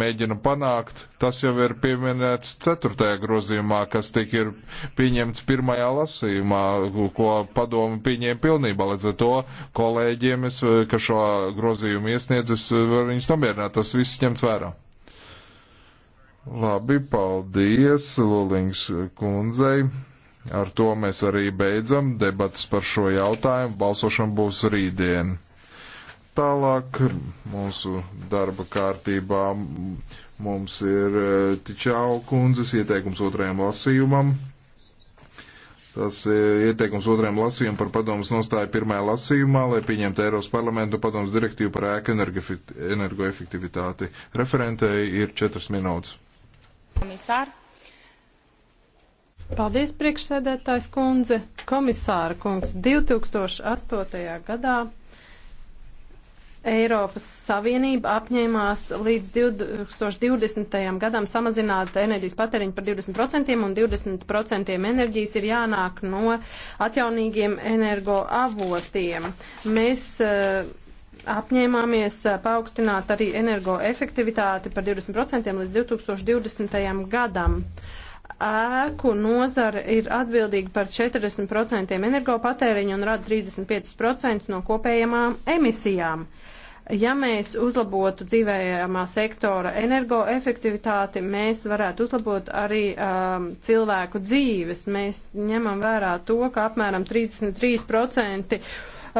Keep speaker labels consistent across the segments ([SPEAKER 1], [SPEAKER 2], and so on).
[SPEAKER 1] mēģina panākt, tas jau ir pieminēts ceturtajā grozījumā, kas tik ir pieņemts pirmajā lasījumā, ko padomu pieņēma pilnībā. Līdz ar to kolēģiem, es, ka šo grozījumu iesniedz, es varu viņus nomierināt, tas viss ņemts vērā. Labi, paldies Lulings kundzei. Ar to mēs arī beidzam debats par šo jautājumu. Balsošana būs rītdien. Tālāk mūsu darba kārtībā mums ir e, Tičau kundzes ieteikums otrajam lasījumam. Tas ir e, ieteikums otrajam lasījumam par padomus nostāju pirmajā lasījumā, lai pieņemtu Eiropas parlamentu padomus direktīvu par ēku energoefektivitāti. Referentei ir četras minūtes.
[SPEAKER 2] Komisār. Paldies, priekšsēdētājs kundze. Komisāra kungs 2008. gadā Eiropas Savienība apņēmās līdz 2020. gadam samazināt enerģijas patēriņu par 20% un 20% enerģijas ir jānāk no atjaunīgiem energoavotiem. Mēs uh, apņēmāmies eh, paaugstināt arī energoefektivitāti par 20% līdz 2020. gadam. Uh, ēku nozara ir atbildīga par 40% energopatēriņu un rada 35% no kopējamām emisijām. Ja mēs uzlabotu dzīvējamā sektora energoefektivitāti, mēs varētu uzlabot arī um, cilvēku dzīves. Mēs ņemam vērā to, ka apmēram 33%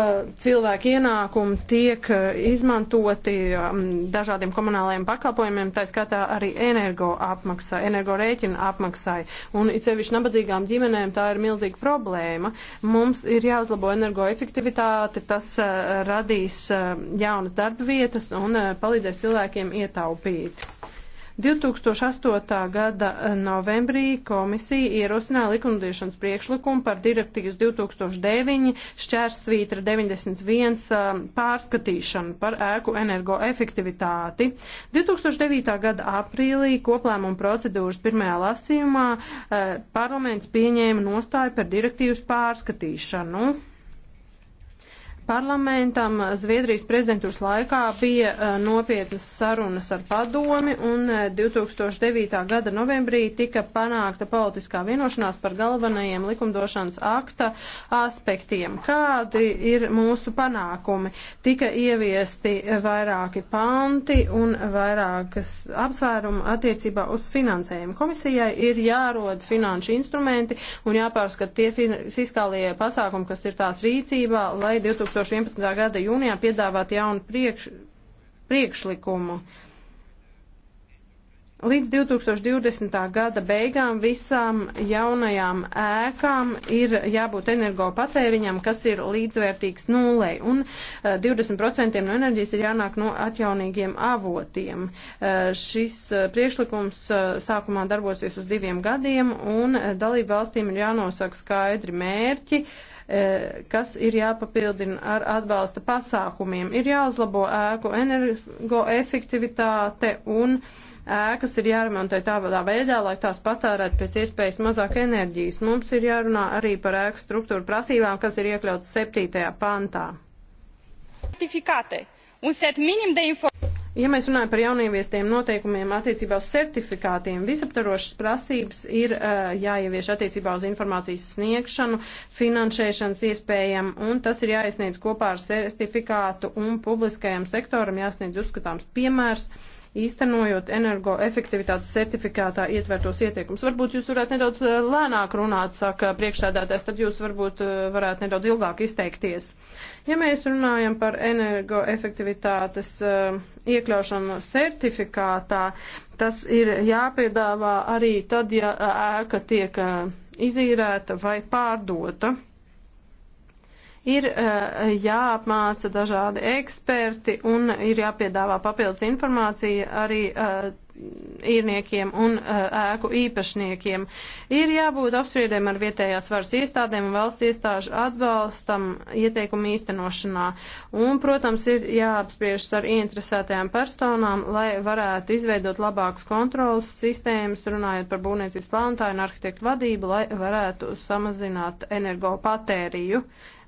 [SPEAKER 2] Eh, cilvēku ienākumi tiek eh, izmantoti um, dažādiem komunālajiem pakalpojumiem, tā skatā arī energo apmaksā, energo rēķina apmaksai. Un it sevišķi nabadzīgām ģimenēm tā ir milzīga problēma. Mums ir jāuzlabo energoefektivitāte, tas eh, radīs jaunas darba vietas un palīdzēs cilvēkiem ietaupīt. 2008. gada eh, novembrī komisija ierosināja likumdošanas priekšlikumu par direktīvas 2009 šķērsvītra 91 eh, pārskatīšanu par ēku energoefektivitāti. 2009. gada aprīlī koplēmuma procedūras pirmajā lasījumā eh, parlaments pieņēma nostāju par direktīvas pārskatīšanu. Parlamentam Zviedrijas prezidentūras laikā bija eh, nopietnas sarunas ar padomi un 2009. Eh, gada novembrī tika panākta politiskā vienošanās par galvenajiem likumdošanas akta aspektiem. Kādi ir mūsu panākumi? Tika ieviesti vairāki panti un vairākas apsvērumu attiecībā uz finansējumu. Komisijai ir jārod finanšu instrumenti un jāpārskat tie fiskālie pasākumi, kas ir tās rīcībā, lai 2000. 2011. gada jūnijā piedāvāt jaunu priekš, priekšlikumu. Līdz 2020. gada beigām visām jaunajām ēkām ir jābūt energopatēriņam, kas ir līdzvērtīgs nulei, un 20% eh, no enerģijas ir jānāk no atjaunīgiem avotiem. Eh, šis eh, priekšlikums sākumā darbosies uz diviem gadiem, un dalību valstīm ir jānosaka skaidri mērķi, kas ir jāpapildina ar atbalsta pasākumiem. Ir jāuzlabo ēku energoefektivitāte un uh, ēkas ir jāremontē tādā veidā, lai tās patērētu pēc iespējas mazāk enerģijas. Mums ir jārunā arī par ēku struktūru prasībām, kas ir iekļauts 7. pantā. Ja mēs runājam par jaunieviestiem noteikumiem attiecībā uz certifikātiem, visaptarošas prasības ir uh, jāievieš attiecībā uz informācijas sniegšanu, finansēšanas iespējām, un tas ir jāiesniedz kopā ar certifikātu un publiskajam sektoram jāsniedz uzskatāms piemērs. Uh, īstenojot energoefektivitātes certifikātā ietvertos ieteikumus. Varbūt jūs varētu nedaudz eh, lēnāk runāt, saka priekšsēdētājs, tad jūs varbūt eh, varētu nedaudz ilgāk izteikties. Ja mēs runājam par energoefektivitātes eh, iekļaušanu certifikātā, tas ir jāpiedāvā arī tad, ja ēka tiek izīrēta vai pārdota. Ir eh, jāapmāca dažādi eksperti un ir jāpiedāvā papildus informācija arī eh, īrniekiem un eh, ēku īpašniekiem. Ir jābūt apspriedēm ar vietējās varas iestādēm un valsts iestāžu atbalstam ieteikumu īstenošanā. Un, protams, ir jāapspriežas ar ieinteresētajām personām, lai varētu izveidot labākas kontrolas sistēmas, runājot par būvniecības plānotāju un arhitektu vadību, lai varētu samazināt energo patēriju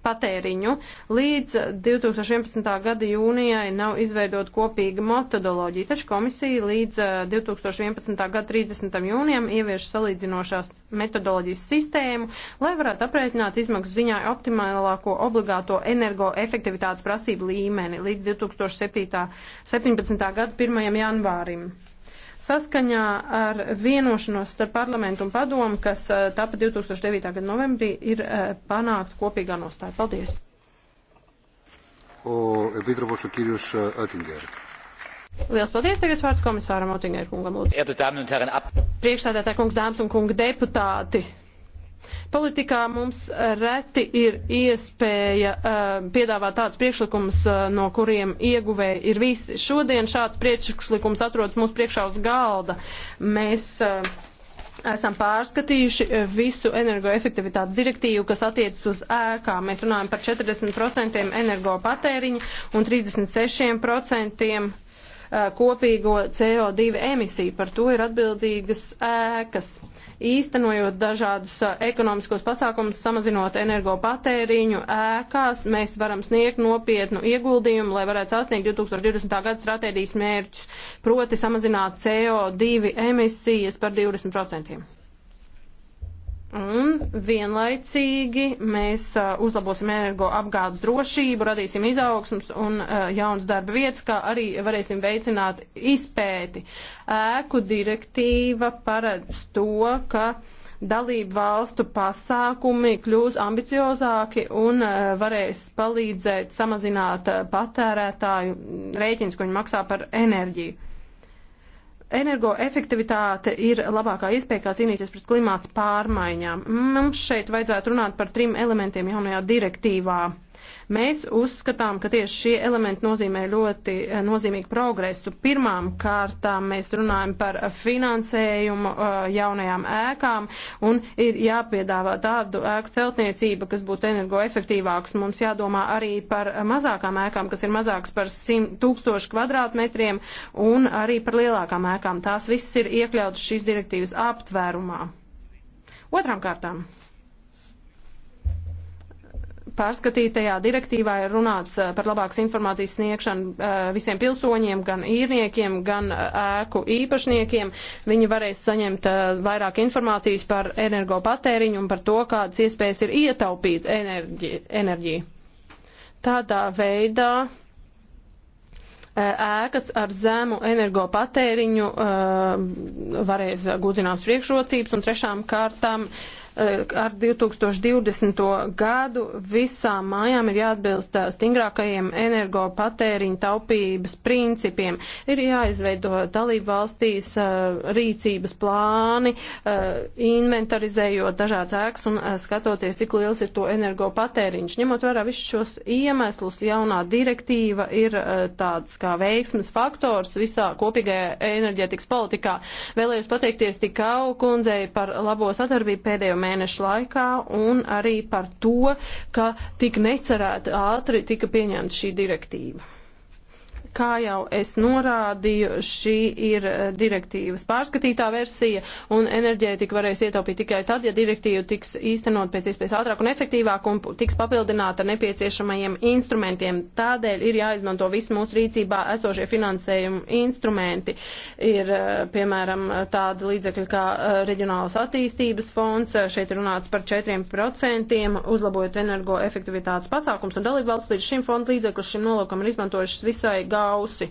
[SPEAKER 2] patēriņu. Līdz 2011. gada jūnijai nav izveidot kopīga metodoloģija, taču komisija līdz 2011. Eh, gada 30. jūnijam ievieš salīdzinošās metodoloģijas sistēmu, lai varētu aprēķināt izmaksu ziņā optimālāko obligāto energoefektivitātes prasību līmeni līdz 2017. gada 1. janvārim. Saskaņā ar vienošanos starp parlamentu un padomu, kas eh, tapa 2009. gada novembrī, ir eh, panākt kopīgā nostāja. Paldies!
[SPEAKER 1] O, Epitropos, o Kirjus eh, Oettinger.
[SPEAKER 2] Lielas paldies tagad vārds komisāram Otingai kungam. Priekšstādātā kungs, dāmas un kungi deputāti. Politikā mums reti ir iespēja uh, piedāvāt tādus priekšlikumus, uh, eh, no kuriem ieguvēji ir visi. Šodien šāds priekšlikums atrodas mūsu priekšā uz galda. Mēs uh, esam pārskatījuši visu energoefektivitātes direktīvu, kas attiecas uz ēkām. Mēs runājam par 40% energopatēriņu un 36% Uh, kopīgo CO2 emisiju. Par to ir atbildīgas ēkas. Īstenojot dažādus uh, ekonomiskos pasākumus, samazinot energopatēriņu ēkās, mēs varam sniegt nopietnu ieguldījumu, lai varētu sasniegt 2020. gada stratēģijas mērķus, proti samazināt CO2 emisijas par 20%. Un vienlaicīgi mēs uh, uzlabosim energoapgādes drošību, radīsim izaugsmus un uh, jaunas darba vietas, kā arī varēsim veicināt izpēti. Ēku direktīva paredz to, ka dalību valstu pasākumi kļūs ambiciozāki un uh, varēs palīdzēt samazināt patērētāju rēķins, ko viņi maksā par enerģiju energoefektivitāte ir labākā iespēja, kā cīnīties pret klimātas pārmaiņām. Mums šeit vajadzētu runāt par trim elementiem jaunajā direktīvā. Mēs uzskatām, ka tieši šie elementi nozīmē ļoti eh, nozīmīgu progresu. Pirmām kārtām mēs runājam par finansējumu eh, jaunajām ēkām un ir jāpiedāvā tādu ēku celtniecība, kas būtu energoefektīvāks. Mums jādomā arī par mazākām ēkām, kas ir mazākas par 100 tūkstošu kvadrātmetriem un arī par lielākām ēkām. Tās viss ir iekļautas šīs direktīvas aptvērumā. Otram kārtām pārskatītajā direktīvā ir runāts eh, par labākas informācijas sniegšanu eh, visiem pilsoņiem, gan īrniekiem, gan eh, ēku īpašniekiem. Viņi varēs saņemt vairāk informācijas par energopatēriņu un par to, kādas iespējas ir ietaupīt enerģi, enerģiju. Tādā veidā ēkas ar zemu energopatēriņu varēs gudzināt priekšrocības un trešām kārtām uh, Eh, ar 2020. gadu visām mājām ir jāatbilst eh, stingrākajiem energopatēriņu taupības principiem. Ir jāizveido dalību valstīs eh, rīcības plāni, inventarizējot dažādas ēkas un skatoties, cik liels ir to energopatēriņš. Ņemot vērā visus šos iemeslus, jaunā direktīva ir tāds kā veiksmes faktors visā kopīgajā enerģētikas politikā. Vēlējos pateikties tik augundzei par labo sadarbību pēdējo mēnešu laikā un arī par to, ka tik necerēti ātri tika pieņemta šī direktīva. Kā jau es norādīju, šī ir eh, direktīvas pārskatītā versija, un enerģētika varēs ietaupīt tikai tad, ja direktīva tiks īstenot pēc iespējas ātrāk un efektīvāk un tiks papildināta ar nepieciešamajiem instrumentiem. Tādēļ ir jāizmanto visi mūsu rīcībā esošie finansējuma instrumenti. Ir, eh, piemēram, tāda līdzekļa kā eh, reģionālas attīstības fonds, šeit runāts par 4%, uzlabojot energoefektivitātes pasākums, un dalībvalsts līdz šim fondu līdzekļus šim nolūkam ir izmantojušas visai gā sausi.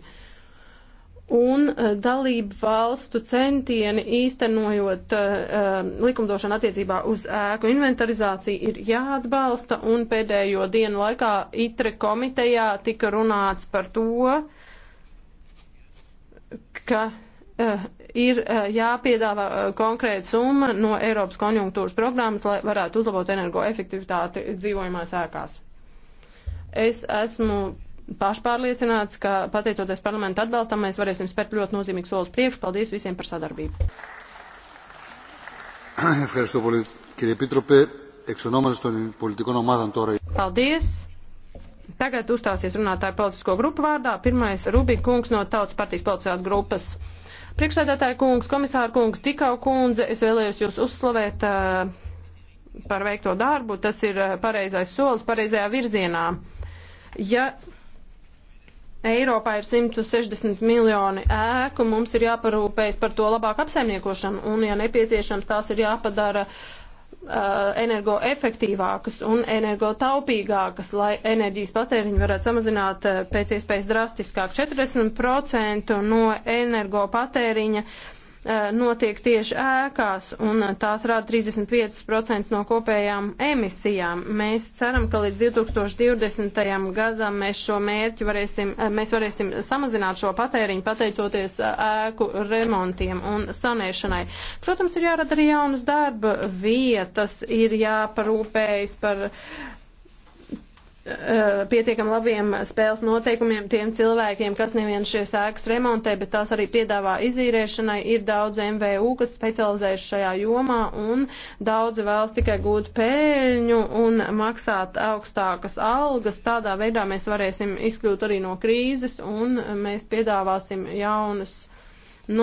[SPEAKER 2] Un eh, dalību valstu centieni īstenojot uh, likumdošanu attiecībā uz ēku inventarizāciju ir jāatbalsta, un pēdējo dienu laikā ITRE komitejā tika runāts par to, ka uh, ir uh, jāpiedāvā uh, konkrēta summa no Eiropas konjunktūras programmas, lai varētu uzlabot energoefektivitāti dzīvojumās ēkās. Es esmu pašpārliecināts, ka pateicoties parlamentu atbalstam, mēs varēsim spērt ļoti nozīmīgu soli uz priekšu. Paldies visiem par sadarbību. Paldies! Tagad uzstāsies runātāja politisko grupu vārdā. Pirmais Rubik kungs no Tautas partijas politiskās grupas. Priekšsēdētāja kungs, komisāra kungs, tikau kundze, es vēlējos jūs uzslavēt uh, par veikto darbu. Tas ir eh, pareizais solis pareizajā virzienā. Ja Eiropā ir 160 miljoni ēku, mums ir jāparūpējas par to labāku apsaimniekošanu, un, ja nepieciešams, tās ir jāpadara uh, energoefektīvākas un energotaupīgākas, lai enerģijas patēriņu varētu samazināt uh, pēc iespējas drastiskāk. 40% no energopatēriņa uh, Eh, notiek tieši ēkās, un tās rāda 35% no kopējām emisijām. Mēs ceram, ka līdz 2020. gadam mēs šo mērķi varēsim, eh, mēs varēsim samazināt šo patēriņu, pateicoties eh, ēku remontiem un sanēšanai. Protams, ir jārada arī jaunas darba vietas, ir jāparūpējas par uh, Eh, pietiekam labiem spēles noteikumiem tiem cilvēkiem, kas nevien šīs ēkas remontē, bet tās arī piedāvā izīriešanai. Ir daudz MVU, kas specializējas šajā jomā un daudzi vēlas tikai gūt pēļņu un maksāt augstākas algas. Tādā veidā mēs varēsim izkļūt arī no krīzes un mēs piedāvāsim jaunas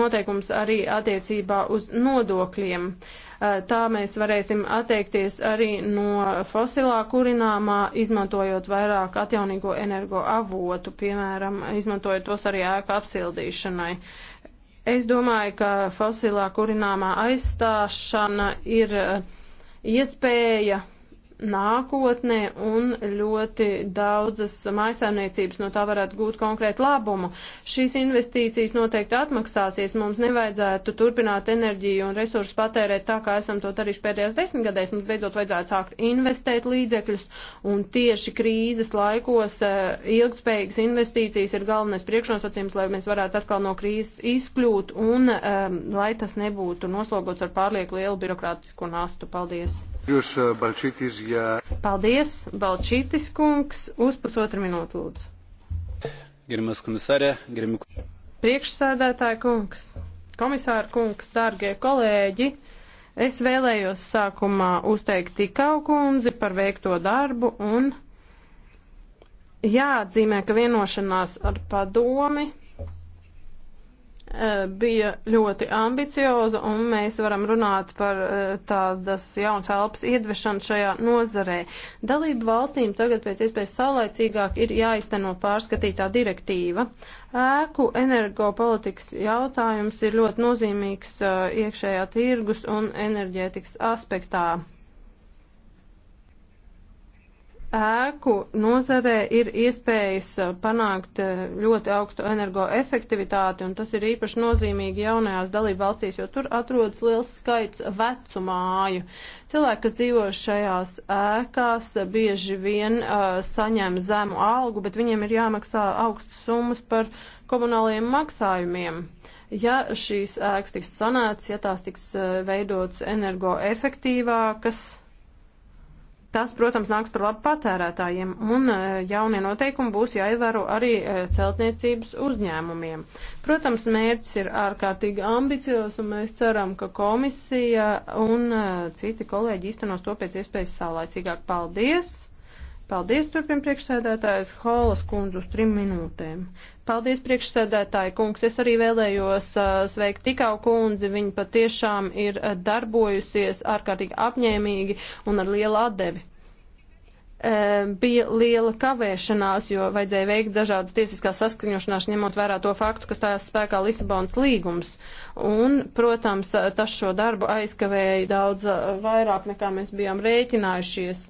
[SPEAKER 2] noteikums arī attiecībā uz nodokļiem. Uh, Tā mēs varēsim atteikties arī no fosilā kurināmā, izmantojot vairāk atjaunīgo energoavotu, piemēram, izmantojot tos arī ēku apsildīšanai. Es domāju, ka fosilā kurināmā aizstāšana ir iespēja nākotnē un ļoti daudzas maisaimniecības no tā varētu gūt konkrētu labumu. Šīs investīcijas noteikti atmaksāsies, mums nevajadzētu turpināt enerģiju un resursus patērēt tā, kā esam to darījuši pēdējās desmitgadēs, mums beidzot vajadzētu sākt investēt līdzekļus un tieši krīzes laikos eh, ilgspējīgas investīcijas ir galvenais priekšnosacījums, lai mēs varētu atkal no krīzes izkļūt un um, lai tas nebūtu noslogots ar pārlieku lielu birokrātisko nastu. Paldies!
[SPEAKER 3] Eh,
[SPEAKER 2] Paldies, Balčītis kungs, uz pusotru minūtu lūdzu.
[SPEAKER 4] Gerimas komisārē, gerimu.
[SPEAKER 2] Priekšsēdētāja kungs, komisāra kungs, dārgie kolēģi. Es vēlējos sākumā uzteikt tikau kundzi par veikto darbu un jāatzīmē, ka vienošanās ar padomi Eh, bija ļoti ambicioza, un mēs varam runāt par eh, tādas jaunas elpas iedvešanu šajā nozarē. Dalību valstīm tagad pēc iespējas saulēcīgāk ir jāizteno pārskatītā direktīva. Ēku energopolitikas jautājums ir ļoti nozīmīgs eh, iekšējā tirgus un enerģētikas aspektā ēku nozarē ir iespējas panākt eh, ļoti augstu energoefektivitāti, un tas ir īpaši nozīmīgi jaunajās dalību valstīs, jo tur atrodas liels skaits vecu māju. Cilvēki, kas dzīvo šajās ēkās, bieži vien uh, saņem zemu algu, bet viņiem ir jāmaksā augstas summas par komunālajiem maksājumiem. Ja šīs ēkas tiks sanētas, ja tās tiks uh, eh, veidotas energoefektīvākas, Tas, protams, nāks par labu patērētājiem, un e, jaunie noteikumi būs jāievēro arī e, celtniecības uzņēmumiem. Protams, mērķis ir ārkārtīgi ambiciozs, un mēs ceram, ka komisija un e, citi kolēģi īstenos to pēc iespējas saulēcīgāk. Paldies! Paldies, turpin priekšsēdētājs Holas kundzu uz trim minūtēm. Paldies, priekšsēdētāji kungs. Es arī vēlējos uh, sveikt tikau kundzi. Viņa patiešām ir uh, darbojusies ārkārtīgi apņēmīgi un ar lielu atdevi. Uh, bija liela kavēšanās, jo vajadzēja veikt dažādas tiesiskās saskaņošanās, ņemot vērā to faktu, kas tās spēkā Lisabonas līgums. Un, protams, uh, tas šo darbu aizkavēja daudz uh, vairāk, nekā mēs bijām rēķinājušies.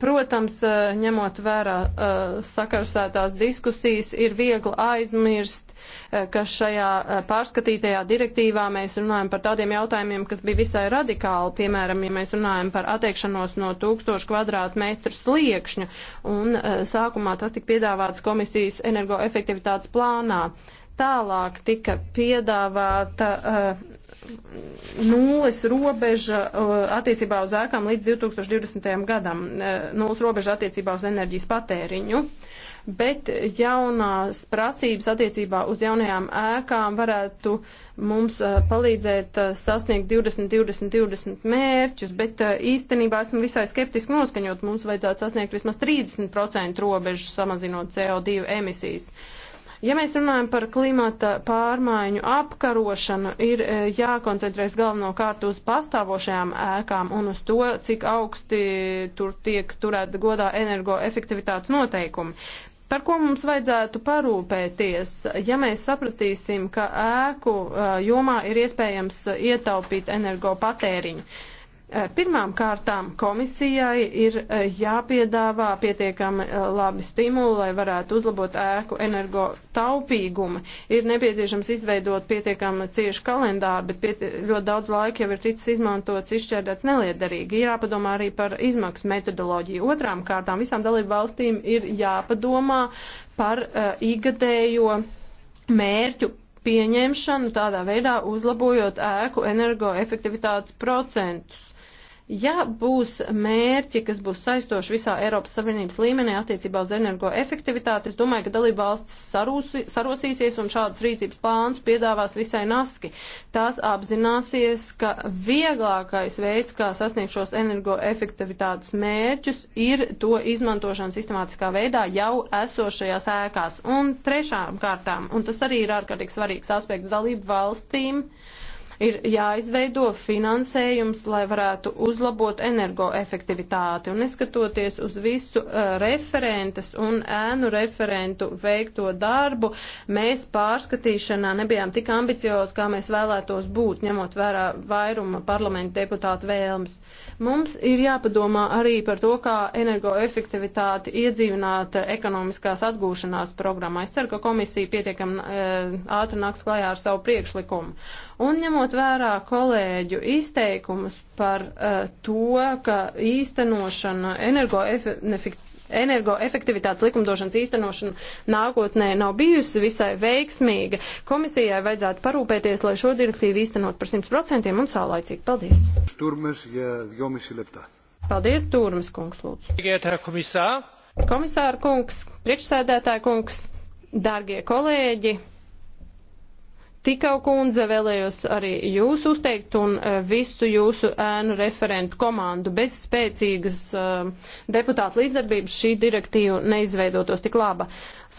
[SPEAKER 2] Protams, eh, ņemot vērā eh, sakarsētās diskusijas, ir viegli aizmirst, eh, ka šajā pārskatītajā direktīvā mēs runājam par tādiem jautājumiem, kas bija visai radikāli, piemēram, ja mēs runājam par attiekšanos no 1000 kvadrātmetru sliekšņa, un sākumā tas tika piedāvāts komisijas energoefektivitātes plānā. Uh, Tālāk tika piedāvāta uh, nulles robeža uh, attiecībā uz ēkām līdz 2020. gadam, uh, nulles robeža attiecībā uz enerģijas patēriņu. Bet jaunās prasības attiecībā uz jaunajām ēkām varētu mums uh, palīdzēt uh, sasniegt 20, 20, 20 mērķus, bet uh, īstenībā esmu visai skeptiski noskaņot, mums vajadzētu sasniegt vismaz 30% robežu samazinot CO2 emisijas. Uh, Ja mēs runājam par klimata pārmaiņu apkarošanu, ir e, jākoncentrēs galvenokārt uz pastāvošajām ēkām un uz to, cik augsti tur tiek turēta godā energoefektivitātes noteikumi. Par ko mums vajadzētu parūpēties, ja mēs sapratīsim, ka ēku e, jomā ir iespējams ietaupīt energo patēriņu? Eh, pirmām kārtām komisijai ir eh, jāpiedāvā pietiekami eh, labi stimuli, lai varētu uzlabot ēku energo taupīgumu. Ir nepieciešams izveidot pietiekami ciešu kalendāru, bet piet, ļoti daudz laika jau ir ticis izmantots izšķērdēts neliederīgi. Ir jāpadomā arī par izmaksu metodoloģiju. Otrām kārtām visām dalību valstīm ir jāpadomā par uh, igadējo mērķu pieņemšanu tādā veidā uzlabojot ēku energoefektivitātes procentus. Ja būs mērķi, kas būs saistoši visā Eiropas Savienības līmenī attiecībā uz energoefektivitāti, es domāju, ka dalība valsts sarūsi, sarosīsies un šādas rīcības plāns piedāvās visai naski. Tās apzināsies, ka vieglākais veids, kā sasniegt šos energoefektivitātes mērķus, ir to izmantošana sistemātiskā veidā jau esošajās ēkās. Un trešām kārtām, un tas arī ir ārkārtīgi svarīgs aspekts dalību valstīm, uh, ir jāizveido finansējums, lai varētu uzlabot energoefektivitāti. Un neskatoties uz visu uh, referentes un ēnu referentu veikto darbu, mēs pārskatīšanā nebijām tik ambiciozi, kā mēs vēlētos būt, ņemot vērā vairuma parlamenta deputātu vēlmes. Mums ir jāpadomā arī par to, kā energoefektivitāti iedzīvināt ekonomiskās atgūšanās programmā. Es ceru, ka komisija pietiekam e, ātri nāks klajā ar savu priekšlikumu. Un ņemot vērā kolēģu izteikumus par uh, to, ka īstenošana energoefektivitātes energoefektivitātes likumdošanas īstenošana nākotnē nav bijusi visai veiksmīga. Komisijai vajadzētu parūpēties, lai šo direktīvu īstenot par 100% un saulaicīgi. Paldies!
[SPEAKER 4] Turmes, ja
[SPEAKER 2] Paldies, Turmes kungs,
[SPEAKER 4] lūdzu.
[SPEAKER 2] Komisāra kungs, priekšsēdētāja kungs, dārgie kolēģi! Tikau kundze vēlējos arī jūs uzteikt un eh, visu jūsu ēnu referentu komandu. Bez spēcīgas uh, deputāta līdzdarbības šī direktīva neizveidotos tik laba.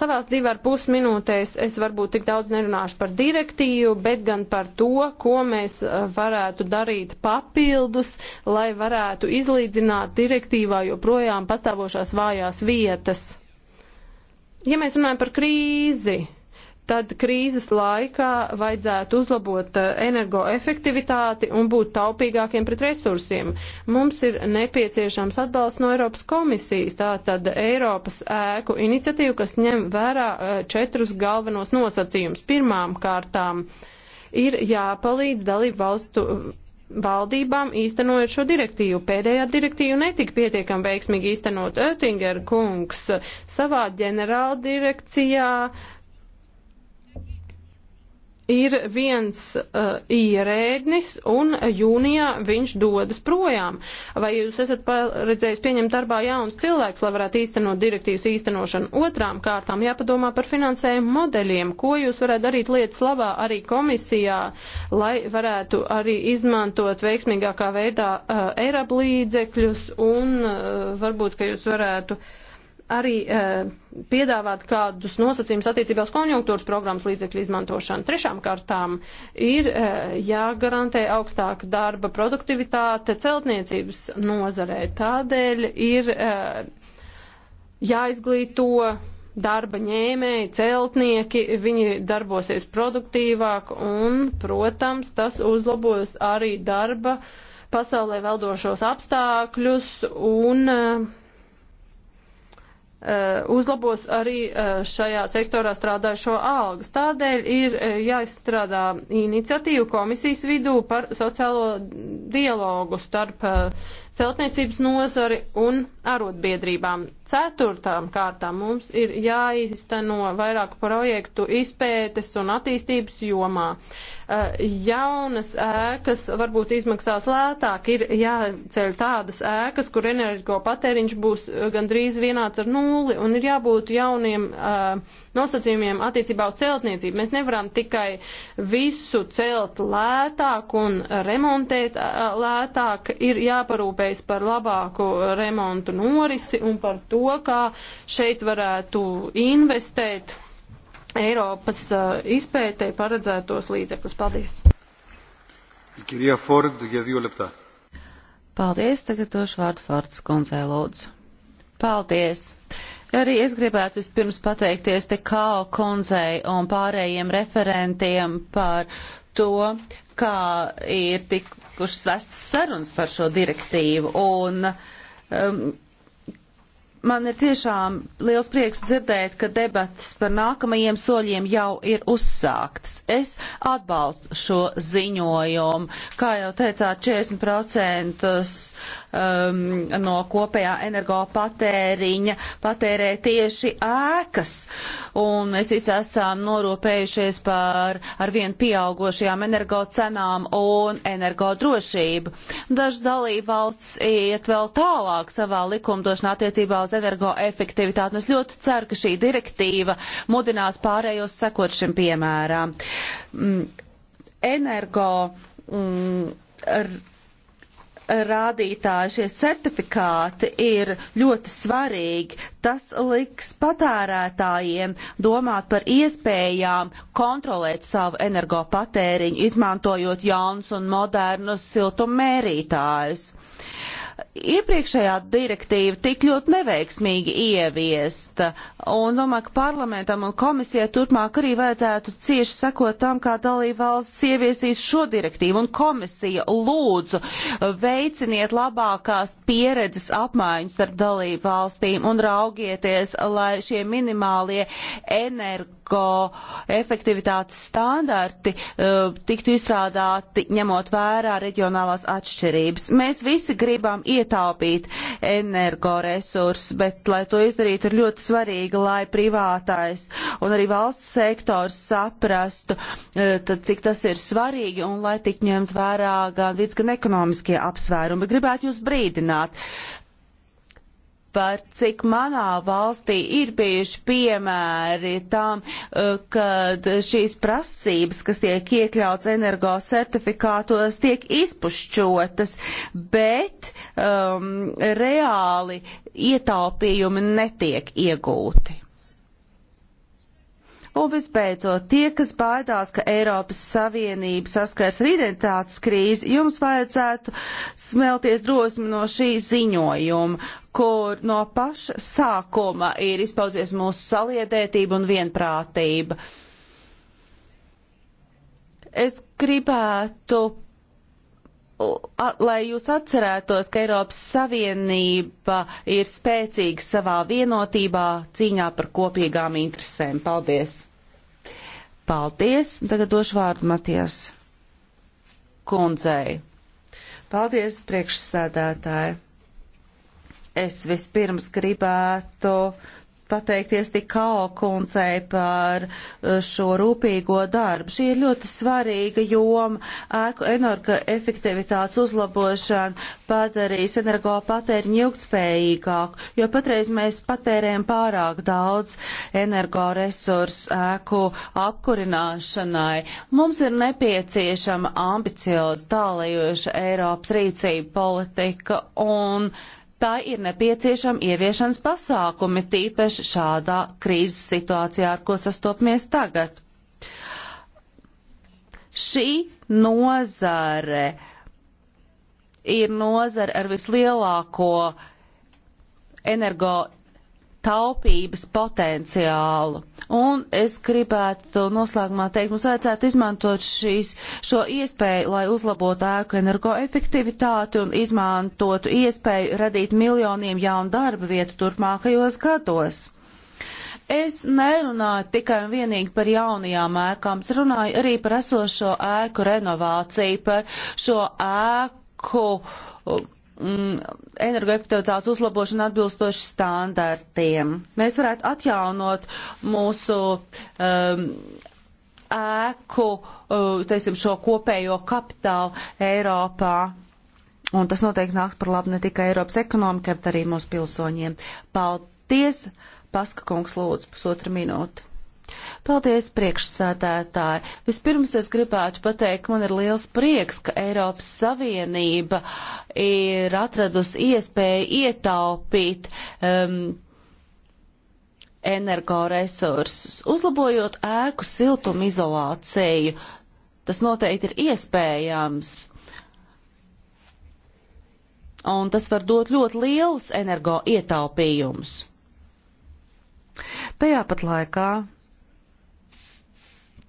[SPEAKER 2] Savās divi ar pus minūtēs es varbūt tik daudz nerunāšu par direktīvu, bet gan par to, ko mēs eh, varētu darīt papildus, lai varētu izlīdzināt direktīvā joprojām pastāvošās vājās vietas. Ja mēs runājam par krīzi, tad krīzes laikā vajadzētu uzlabot eh, energoefektivitāti un būt taupīgākiem pret resursiem. Mums ir nepieciešams atbalsts no Eiropas komisijas, tātad Eiropas ēku iniciatīva, kas ņem vērā eh, četrus galvenos nosacījumus. Pirmām kārtām ir jāpalīdz dalību valstu eh, valdībām īstenojot šo direktīvu. Pēdējā direktīva netika pietiekami veiksmīgi īstenot Oettinger kungs savā ģenerāldirekcijā. direkcijā ir viens uh, ierēdnis un jūnijā viņš dodas projām. Vai jūs esat paredzējis pieņemt darbā jauns cilvēks, lai varētu īstenot direktīvas īstenošanu? Otrām kārtām jāpadomā par finansējumu modeļiem. Ko jūs varētu darīt lietas labā arī komisijā, lai varētu arī izmantot veiksmīgākā veidā uh, Eirab līdzekļus un uh, varbūt, ka jūs varētu. Uh, arī e, piedāvāt kādus nosacījumus attiecībā uz konjunktūras programmas līdzekļu izmantošanu. Trešām kārtām ir e, jāgarantē augstāka darba produktivitāte celtniecības nozarē. Tādēļ ir e, jāizglīto darba ņēmēji, celtnieki, viņi darbosies produktīvāk un, protams, tas uzlabos arī darba pasaulē valdošos apstākļus un uh, Uh, uzlabos arī uh, šajā sektorā strādājušo algas. Tādēļ ir uh, jāizstrādā iniciatīva komisijas vidū par sociālo dialogu starp celtniecības nozari un arotbiedrībām. Ceturtām kārtām mums ir jāizteno vairāk projektu izpētes un attīstības jomā. Eh, jaunas ēkas varbūt izmaksās lētāk, ir jāceļ tādas ēkas, kur energo patēriņš būs eh, gandrīz vienāds ar nulli un ir jābūt jauniem eh, nosacījumiem attiecībā uz celtniecību. Mēs nevaram tikai visu celt lētāk un remontēt lētāk, ir jāparūpē jāparūpējas par labāku remontu norisi un par to, kā šeit varētu investēt Eiropas eh, izpētē paredzētos līdzekļus. Paldies! Kirjā Ford, ja divi leptā.
[SPEAKER 3] Paldies, tagad došu vārdu Fords kundzei lūdzu. Paldies! Arī es gribētu vispirms pateikties te Kao kundzei un pārējiem referentiem par to, kā ir tik tikušas vestas sarunas par šo direktīvu. Un, um, man ir tiešām liels prieks dzirdēt, ka debatas par nākamajiem soļiem jau ir uzsāktas. Es atbalstu šo ziņojumu. Kā jau teicāt, 40% um, no kopējā energopatēriņa patērē tieši ēkas. Un mēs visi esam norūpējušies par arvien pieaugošajām energocenām un energodrošību. Dažas dalība valsts iet vēl tālāk savā likumdošanā attiecībā uz energoefektivitāti. Un es ļoti ceru, ka šī direktīva mudinās pārējos sekot šim piemēram. Mm, energo mm, ar rādītāji, šie certifikāti ir ļoti svarīgi. Tas liks patērētājiem domāt par iespējām kontrolēt savu energopatēriņu, izmantojot jaunus un modernus siltummērītājus. Uh, iepriekšējā direktīva tik ļoti neveiksmīgi ieviesta, un domāju, ka parlamentam un komisijai turpmāk arī vajadzētu cieši sekot tam, kā dalība valsts ieviesīs šo direktīvu, un komisija lūdzu veiciniet labākās pieredzes apmaiņas starp dalību valstīm un raugieties, lai šie minimālie energoefektivitātes standarti uh, tiktu izstrādāti ņemot vērā reģionālās atšķirības. Mēs visi gribam ietaupīt energoresursus, bet, lai to izdarītu, ir ļoti svarīgi, lai privātais un arī valsts sektors saprastu, e, tad, cik tas ir svarīgi un lai tik ņemt vērā gan vidas, gan ekonomiskie apsvērumi. Gribētu jūs brīdināt, par cik manā valstī ir bijuši piemēri tam, eh, kad šīs prasības, kas tiek iekļauts energo certifikātos, tiek izpušķotas, bet um, reāli ietaupījumi netiek iegūti. Un visbeidzot, tie, kas baidās, ka Eiropas Savienība saskars ar identitātes krīzi, jums vajadzētu smelties drosmi no šī ziņojuma, kur no paša sākuma ir izpaudzies mūsu saliedētība un vienprātība. Es gribētu lai jūs atcerētos, ka Eiropas Savienība ir spēcīga savā vienotībā cīņā par kopīgām interesēm. Paldies! Paldies! Tagad došu vārdu Matijas kundzei. Paldies, priekšsēdētāji! Es vispirms gribētu uh, pateikties tikao kuncei par eh, šo rūpīgo darbu. Šī ir ļoti svarīga joma. Ēku energoefektivitātes uzlabošana padarīs energopatēriņu ilgtspējīgāku, jo patreiz mēs patērējam pārāk daudz energoresursu ēku apkurināšanai. Mums ir nepieciešama ambicioza tālajoša Eiropas rīcība politika un Tā ir nepieciešama ieviešanas pasākumi, tīpaši šādā krīzes situācijā, ar ko sastopamies tagad. Šī nozare ir nozare ar vislielāko energo taupības potenciālu. Un es gribētu noslēgumā teikt, mums vajadzētu izmantot šīs, šo iespēju, lai uzlabotu ēku energoefektivitāti un izmantotu iespēju radīt miljoniem jaunu darba vietu turpmākajos gados. Es nerunāju tikai un vienīgi par jaunajām ēkām, es runāju arī par esošo ēku renovāciju, par šo ēku Mm, energoefektivitātes uzlabošana atbilstoši standartiem. Mēs varētu atjaunot mūsu um, ēku, uh, teiksim, šo kopējo kapitālu Eiropā. Un tas noteikti nāks par labu ne tikai Eiropas ekonomikai, bet arī mūsu pilsoņiem. Paldies! Paska kungs lūdzu pusotru minūti. Paldies, priekšsēdētāji! Vispirms es gribētu pateikt, man ir liels prieks, ka Eiropas Savienība ir atradusi iespēju ietaupīt um, energoresursus, uzlabojot ēku siltumizolāciju. Tas noteikti ir iespējams. Un tas var dot ļoti lielus energo ietaupījumus. Tajā pat laikā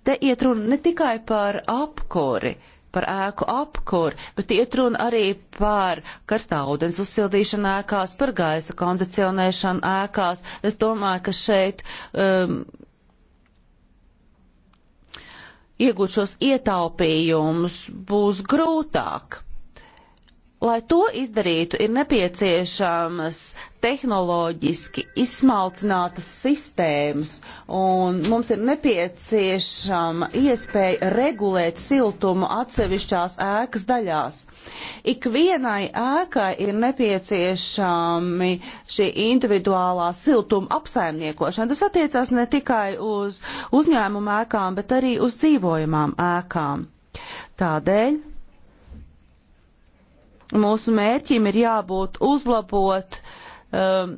[SPEAKER 3] Te iet runa ne tikai par apkuri, par ēku apkuri, bet iet runa arī par karstā ūdens uzsildīšanu ēkās, par gaisa kondicionēšanu ēkās. Es domāju, ka šeit. Um, Iegūt šos ietaupījumus būs grūtāk, Lai to izdarītu, ir nepieciešamas tehnoloģiski izsmalcinātas sistēmas, un mums ir nepieciešama iespēja regulēt siltumu atsevišķās ēkas daļās. Ikvienai ēkai ir nepieciešami šī individuālā siltuma apsaimniekošana. Tas attiecās ne tikai uz uzņēmumu ēkām, bet arī uz dzīvojamām ēkām. Tādēļ Mūsu mērķim ir jābūt uzlabot um,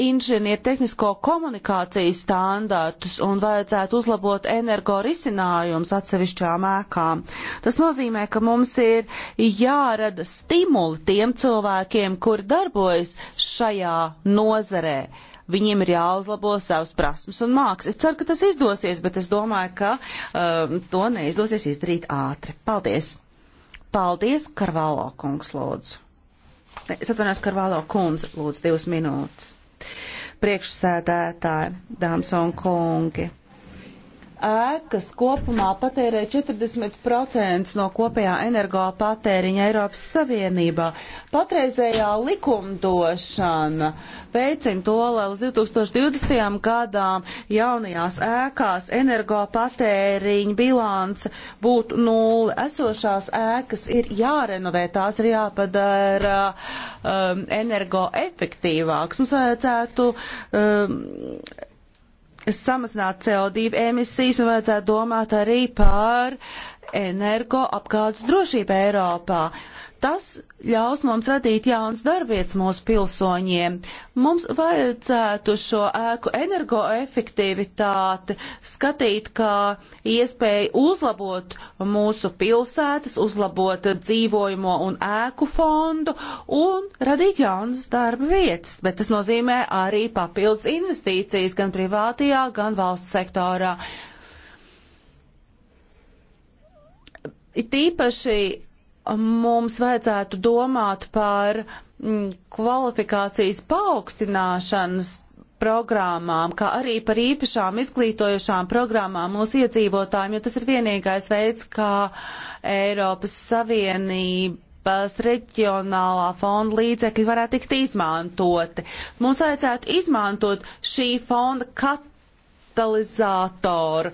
[SPEAKER 3] inženiertehnisko komunikāciju standartus un vajadzētu uzlabot energorisinājums atsevišķām ēkām. Tas nozīmē, ka mums ir jārada stimuli tiem cilvēkiem, kuri darbojas šajā nozarē. Viņiem ir jāuzlabo savas prasmes un mākslas. Es ceru, ka tas izdosies, bet es domāju, ka um, to neizdosies izdarīt ātri. Paldies! Paldies, Karvalo kungs, lūdzu. Es atvainojos, Karvalo kundze, lūdzu, divas minūtes. Priekšsēdētāji, dāmas un kungi ēkas kopumā patērē 40% no kopējā energopatēriņa Eiropas Savienībā. Patreizējā likumdošana veicina to, lai līdz 2020. gadām jaunajās ēkās energopatēriņa bilance būtu nulle. Esošās ēkas ir jārenovē, tās ir jāpadara um, energoefektīvāks. Mums vajadzētu um, samazināt CO2 emisijas un vajadzētu domāt arī par energoapgādes drošību Eiropā. Tas ļaus mums radīt jauns darbietas mūsu pilsoņiem. Mums vajadzētu šo ēku energoefektivitāti skatīt kā iespēju uzlabot mūsu pilsētas, uzlabot dzīvojamo un ēku fondu un radīt jaunas darba vietas. Bet tas nozīmē arī papildus investīcijas gan privātajā, gan valsts sektorā. It īpaši mums vajadzētu domāt par mm, kvalifikācijas paaugstināšanas programmām, kā arī par īpašām izglītojošām programmām mūsu iedzīvotājiem, jo tas ir vienīgais veids, kā Eiropas Savienības reģionālā fonda līdzekļi varētu tikt izmantoti. Mums vajadzētu izmantot šī fonda katalizātoru,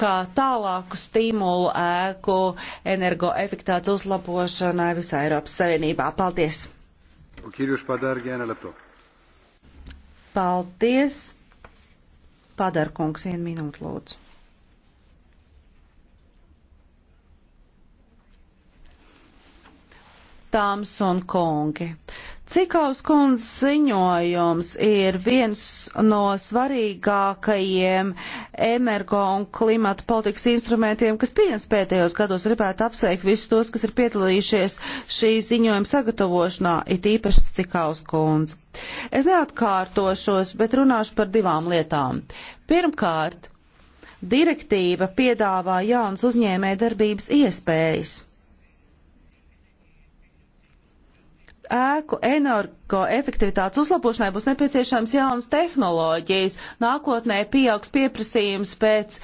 [SPEAKER 3] kā tālāku stimulu ēku energoefektāts uzlabošanai visā Eiropas Savienībā. Paldies! Paldies! Padarkungs, vienu minūtu lūdzu. Dāmas un kungi, Cikaus kundz ziņojums ir viens no svarīgākajiem emergo un klimata politikas instrumentiem, kas pieņems pēdējos gados. Gribētu apsveikt visus tos, kas ir piedalījušies šī ziņojuma sagatavošanā, it īpaši Cikaus kundz. Es neatkārtošos, bet runāšu par divām lietām. Pirmkārt, direktīva piedāvā jauns uzņēmē darbības iespējas ēku energoefektivitātes uzlabošanai būs nepieciešams jaunas tehnoloģijas. Nākotnē pieaugs pieprasījums pēc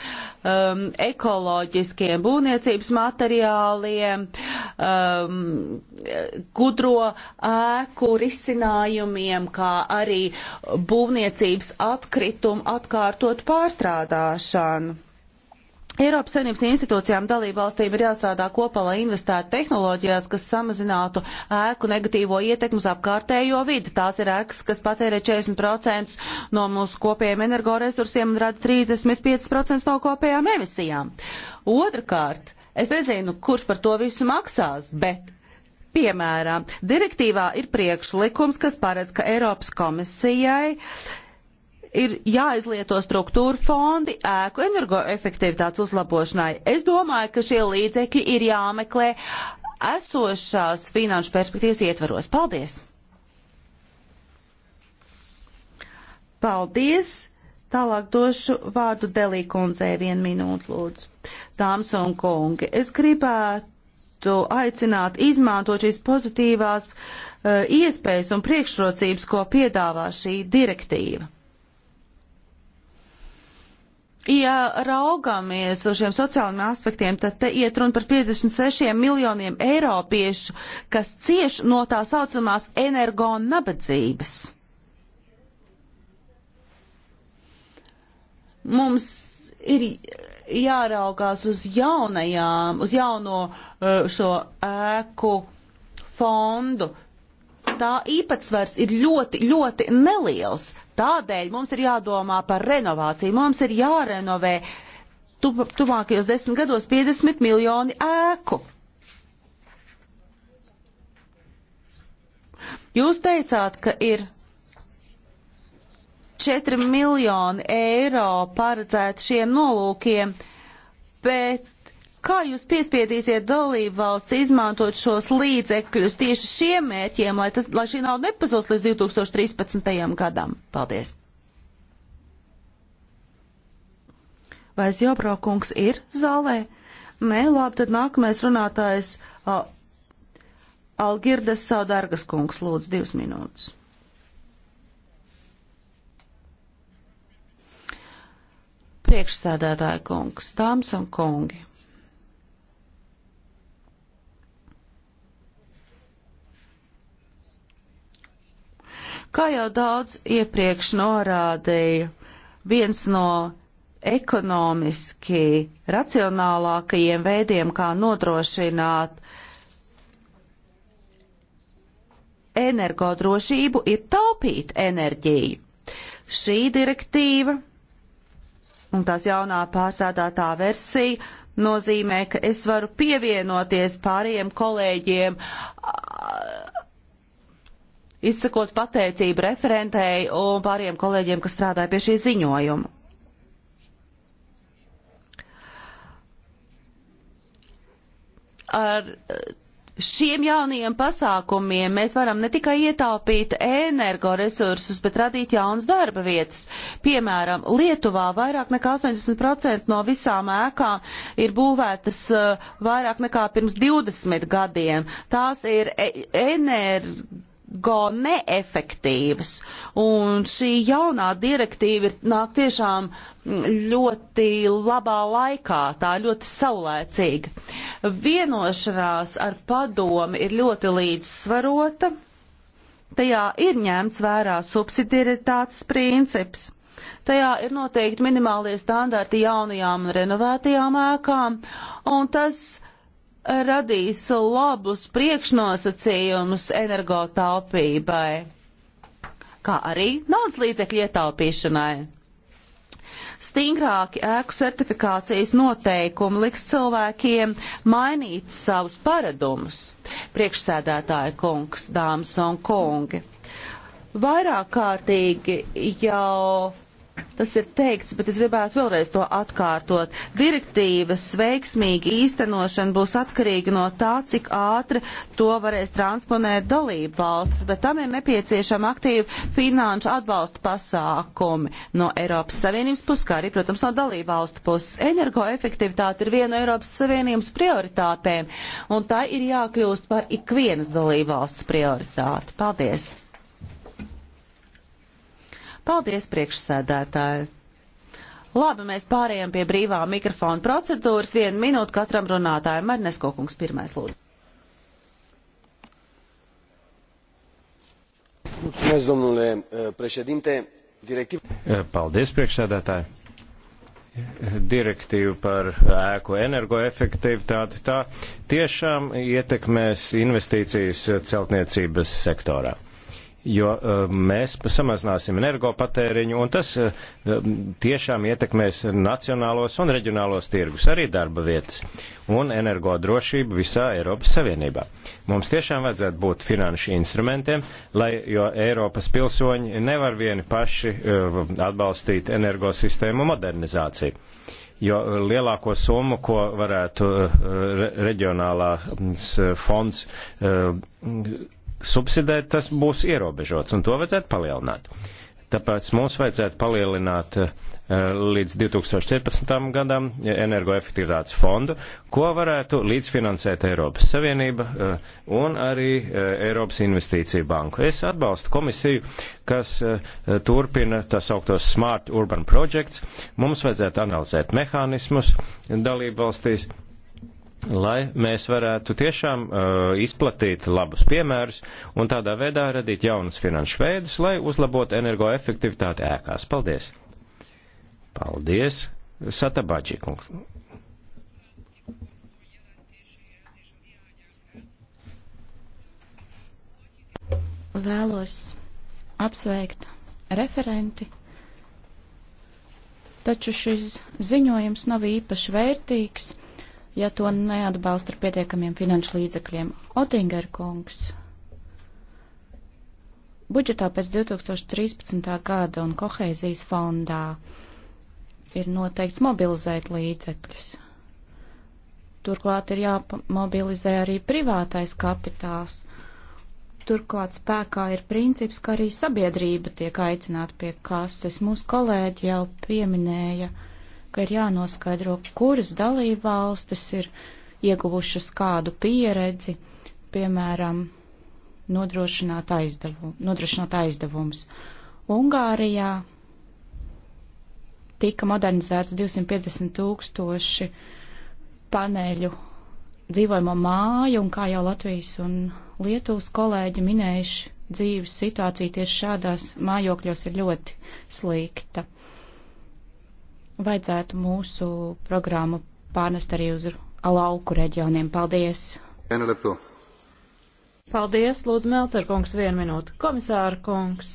[SPEAKER 3] um, ekoloģiskiem būvniecības materiāliem, um, gudro ēku risinājumiem, kā arī būvniecības atkritumu atkārtot pārstrādāšanu. Eiropas Savienības institūcijām dalībvalstīm ir jāstrādā kopā, lai investētu tehnoloģijās, kas samazinātu ēku negatīvo ietekmu uz apkārtējo vidi. Tās ir ēkas, kas patērē 40% no mūsu kopējiem energoresursiem un rada 35% no kopējām emisijām. Otrakārt, es nezinu, kurš par to visu maksās, bet Piemēram, direktīvā ir priekšlikums, kas paredz, ka Eiropas komisijai ir jāizlieto struktūra fondi ēku energoefektivitātes uzlabošanai. Es domāju, ka šie līdzekļi ir jāmeklē esošās finanšu perspektīvas ietvaros. Paldies! Paldies! Tālāk došu vārdu Delī kundzei vienu minūtu lūdzu. Dāmas un kungi, es gribētu aicināt izmantot šīs pozitīvās uh, iespējas un priekšrocības, ko piedāvā šī direktīva. Ja raugamies uz šiem sociālajiem aspektiem, tad te iet runa par 56 miljoniem eiropiešu, kas cieš no tā saucamās energo nabadzības. Mums ir jāraugās uz jaunajām, uz jauno uh, šo ēku fondu tā īpatsvars ir ļoti, ļoti neliels. Tādēļ mums ir jādomā par renovāciju, mums ir jārenovē tu, tuvākajos desmit gados 50 miljoni ēku. Jūs teicāt, ka ir 4 miljoni eiro paredzēt šiem nolūkiem, bet Kā jūs piespiedīsiet dalību valsts izmantot šos līdzekļus tieši šiem mērķiem, lai, tas, lai šī nauda nepazos līdz 2013. gadam? Paldies! Vai Zjobro kungs ir zālē? Nē, labi, tad nākamais runātājs uh, Algirdas Saudargas kungs, lūdzu, divas minūtes. Priekšsēdētāja kungs, tāms un kungi. Kā jau daudz iepriekš norādīja, viens no ekonomiski racionālākajiem veidiem, kā nodrošināt energodrošību, ir taupīt enerģiju. Šī direktīva un tās jaunā pārstrādātā versija nozīmē, ka es varu pievienoties pāriem kolēģiem izsakot pateicību referentēji un pāriem kolēģiem, kas strādāja pie šī ziņojuma. Ar eh, šiem jaunajiem pasākumiem mēs varam ne tikai ietaupīt energoresursus, bet radīt jaunas darba vietas. Piemēram, Lietuvā vairāk nekā 80% no visām ēkām ir būvētas eh, vairāk nekā pirms 20 gadiem. Tās ir e, energo go neefektīvas. Un šī jaunā direktīva ir nāk tiešām ļoti labā laikā, tā ļoti saulēcīga. Vienošanās ar padomi ir ļoti līdzsvarota. Tajā ir ņemts vērā subsidiaritātes princips. Tajā ir noteikti minimālie standarti jaunajām un renovētajām ēkām, un tas radīs labus priekšnosacījumus energotaupībai, kā arī naudas līdzekļu ietaupīšanai. Stingrāki ēku certifikācijas noteikumi liks cilvēkiem mainīt savus paradumus, priekšsēdētāja kungs, dāmas un kungi. Vairāk kārtīgi jau Tas ir teikts, bet es gribētu vēlreiz to atkārtot. Direktīvas veiksmīga īstenošana būs atkarīga no tā, cik ātri to varēs transponēt dalību valstis, bet tam ir nepieciešama aktīva finanšu atbalsta pasākumi no Eiropas Savienības puses, kā arī, protams, no dalību valstu puses. Energoefektivitāte ir viena no Eiropas Savienības prioritātēm, un tā ir jākļūst par ikvienas dalību valsts prioritāti. Paldies! Paldies, priekšsēdētāji! Labi, mēs pārējām pie brīvā mikrofona procedūras. Vienu minūtu katram runātājam. Marnes Kokungs pirmais lūdzu.
[SPEAKER 4] Mulțumesc, domnule eh, președinte. Directiv... Eh, paldies, priekšsēdētāji. Direktīva par ēku energoefektivitāti tā tiešām ietekmēs investīcijas celtniecības sektorā jo eh, mēs samazināsim energopatēriņu, un tas eh, tiešām ietekmēs nacionālos un reģionālos tirgus, arī darba vietas un energodrošību visā Eiropas Savienībā. Mums tiešām vajadzētu būt finanšu instrumentiem, lai, jo Eiropas pilsoņi nevar vieni paši eh, atbalstīt energosistēmu modernizāciju jo lielāko summu, ko varētu reģionālās fonds subsidēt, tas būs ierobežots, un to vajadzētu palielināt. Tāpēc mums vajadzētu palielināt eh, līdz 2014. gadam energoefektivitātes fondu, ko varētu līdzfinansēt Eiropas Savienība eh, un arī eh, Eiropas Investīcija Banku. Es atbalstu komisiju, kas turpina tā sauktos Smart Urban Projects. Mums vajadzētu analizēt mehānismus dalību valstīs lai mēs varētu tiešām uh, izplatīt labus piemērus un tādā veidā radīt jaunus finanšu veidus, lai uzlabotu energoefektivitāti ēkās. Paldies! Paldies, Satabaģi kungs!
[SPEAKER 5] Vēlos apsveikt referenti, taču šis ziņojums nav īpaši vērtīgs ja to neatbalsta ar pietiekamiem finanšu līdzekļiem. Otinger kungs. Budžetā pēc 2013. gada un koheizijas fondā ir noteikts mobilizēt līdzekļus. Turklāt ir jāmobilizē arī privātais kapitāls. Turklāt spēkā ir princips, ka arī sabiedrība tiek aicināta pie kases. Mūsu kolēģi jau pieminēja uh, ka ir jānoskaidro, kuras dalībvalstis ir ieguvušas kādu pieredzi, piemēram, nodrošināt, aizdevu, nodrošināt aizdevumus. Ungārijā tika modernizēts 250 tūkstoši paneļu dzīvojamo māju, un kā jau Latvijas un Lietuvas kolēģi minējuši, dzīves situācija tieši šādās mājokļos ir ļoti slikta vajadzētu mūsu programmu pārnest arī uz
[SPEAKER 1] lauku reģioniem. Paldies! Paldies, lūdzu, Melcerkungs, vienu minūtu. Komisāra kungs,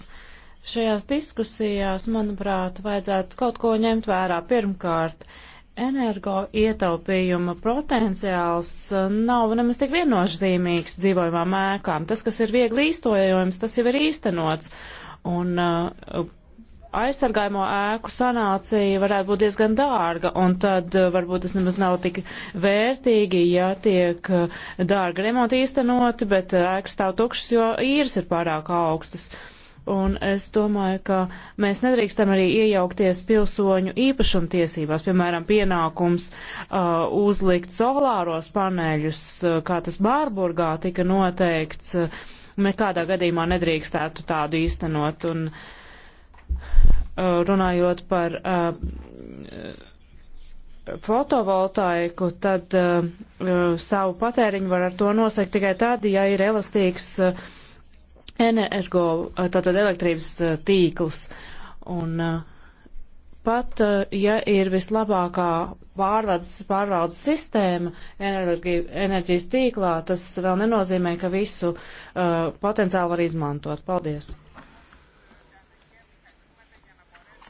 [SPEAKER 1] šajās diskusijās, manuprāt, vajadzētu kaut ko ņemt vērā. Pirmkārt, energo ietaupījuma potenciāls uh, nav nemaz tik viennozīmīgs dzīvojumām ēkām. Tas, kas ir viegli īstojams, tas jau ir īstenots. Un, uh, aizsargājamo ēku sanācija varētu būt diezgan dārga, un tad eh, varbūt tas nemaz nav tik vērtīgi, ja tiek eh, dārga remonta īstenoti, bet eh, ēkas stāv tukšas, jo īres ir pārāk augstas. Un es domāju, ka mēs nedrīkstam arī iejaukties pilsoņu īpašumtiesībās, piemēram, pienākums uh, uzlikt solāros paneļus, uh, kā tas Bārburgā tika noteikts. Uh, nekādā gadījumā nedrīkstētu tādu īstenot. Un, uh, Uh, runājot par uh, fotovoltaiku, tad uh, savu patēriņu var ar to nosegt tikai tad, ja ir elastīgs energo, tātad elektrības tīkls. Un pat, ja ir vislabākā pārvaldes, pārvaldes sistēma energi, enerģijas tīklā, tas vēl nenozīmē, ka visu uh, potenciāli var izmantot. Paldies!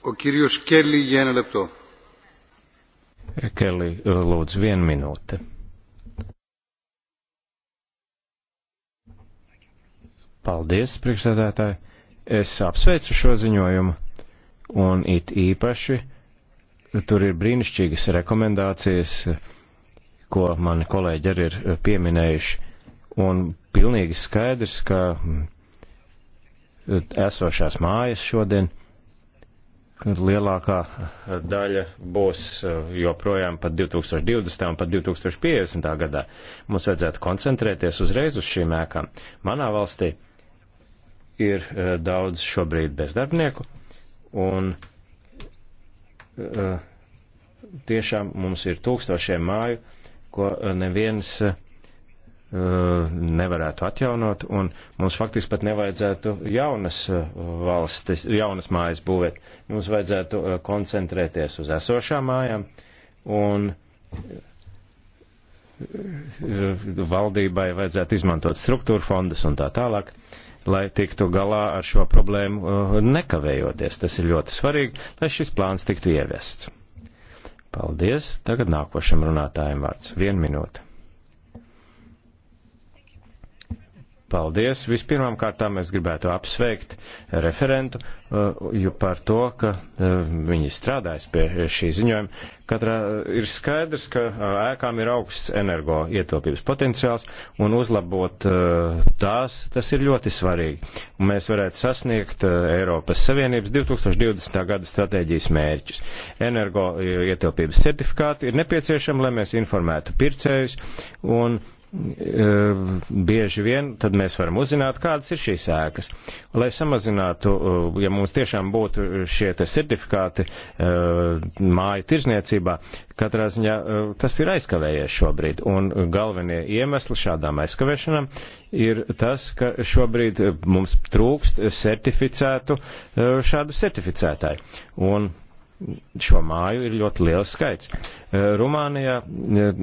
[SPEAKER 2] O
[SPEAKER 3] kirjus Kelly, jēna lepto.
[SPEAKER 4] Kelly, lūdzu, vienu minūte. Paldies, priekšsēdētāji. Es apsveicu šo ziņojumu un it īpaši tur ir brīnišķīgas rekomendācijas, ko mani kolēģi arī ir eh, pieminējuši. Un pilnīgi skaidrs, ka mm, esošās mājas šodien kad lielākā daļa būs eh, joprojām pat 2020. un pat 2050. gadā. Mums vajadzētu koncentrēties uzreiz uz šīm ēkām. Manā valstī ir eh, daudz šobrīd bezdarbnieku, un eh, tiešām mums ir tūkstošiem māju, ko neviens Eh, nevarētu atjaunot, un mums faktiski pat nevajadzētu jaunas eh, valstis, jaunas mājas būvēt. Mums vajadzētu eh, koncentrēties uz esošām mājām, un valdībai vajadzētu izmantot struktūra fondus un tā tālāk, lai tiktu galā ar šo problēmu nekavējoties. Tas ir ļoti svarīgi, lai šis plāns tiktu ieviests. Paldies. Tagad nākošam runātājiem vārds. Vienu minūtu. Paldies! Vispirmām kārtām es gribētu apsveikt referentu uh, par to, ka uh, viņi strādājas pie šī ziņojuma. Katrā uh, ir skaidrs, ka ēkām ir augsts energo ietaupības potenciāls un uzlabot tās, tas ir ļoti svarīgi. Un mēs varētu sasniegt Eiropas Savienības 2020. gada stratēģijas mērķus. Energo ietaupības certifikāti ir nepieciešami, lai mēs informētu pircējus un E, bieži vien, tad mēs varam uzzināt, kādas ir šīs ēkas. Lai samazinātu, e, ja mums tiešām būtu šie te certifikāti e, māju tirzniecībā, katrā ziņā tas ir aizkavējies šobrīd. Un galvenie iemesli šādām aizkavēšanām ir tas, ka šobrīd mums trūkst certificētu, šādu certificētāju. Un šo māju ir ļoti liels skaits. Eh, Rumānijā eh,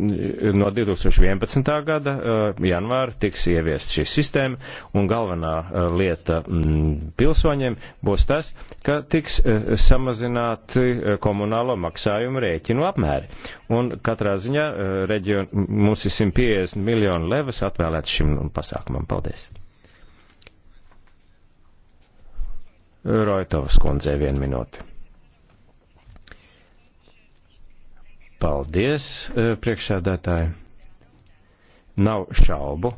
[SPEAKER 4] no 2011. gada eh, janvāra tiks ieviest šī sistēma, un galvenā lieta mm, pilsoņiem būs tas, ka tiks samazināti komunālo maksājumu rēķinu apmēri. Un katrā ziņā reģion, mums ir 150 miljonu levas atvēlēts šim pasākumam. Paldies! Roitovas kundzei vienu minūti. Paldies, e, priekšsēdētāji. Nav šaubu,